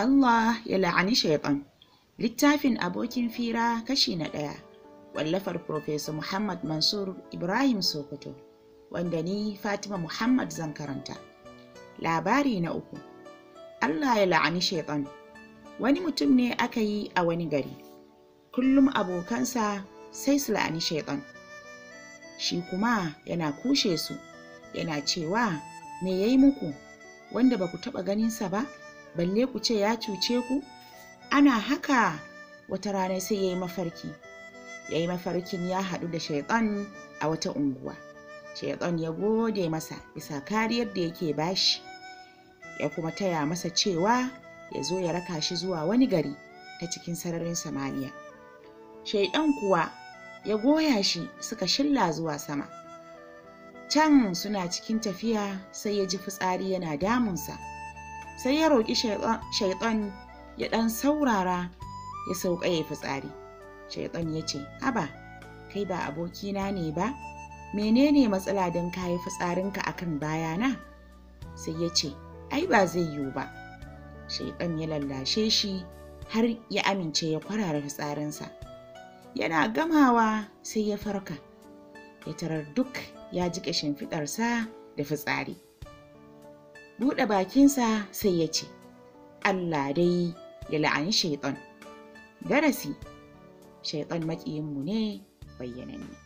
Allah ya la'ani shaiɗan. Littafin abokin fira kashi na ɗaya. Wallafar Profesa Muhammad Mansur Ibrahim Sokoto, wanda ni Fatima Muhammad zan karanta. Labari na uku. Allah ya la'ani shaiɗan. Wani mutum ne aka yi a wani gari. Kullum abokansa sai su la'ani shaiɗan. Shi kuma yana kushe su, yana cewa me ya yi muku wanda ba ku taɓa ganinsa ba? balle ku ce ya cuce ku ana haka wata rana sai ya yi mafarki ya yi mafarkin ya haɗu da shaiɗan a wata unguwa shaiɗan ya gode masa bisa kariyar da yake bashi ya kuma taya masa cewa ya zo ya raka shi zuwa wani gari ta cikin sararin samaniya shaiɗan kuwa ya goya shi suka shilla zuwa sama can suna cikin tafiya sai ya ji fitsari yana damunsa sai ya roƙi shaiɗan ya ɗan saurara ya sauƙa ya fitsari shaiɗan ya ce haba kai ba abokina ne ba menene matsala don ka yi fitsarinka a kan bayana sai ya ce ai ba zai yiwu ba shaiɗan ya lallashe shi har ya amince ya kwarara fitsarinsa yana gamawa sai ya farka ya tarar duk ya ji ƙashin fiɗarsa da fitsari. buɗe bakinsa sai ya ce, Allah dai ya la'ani shaiton. Darasi, shaiton maƙiyinmu ne bayyananne.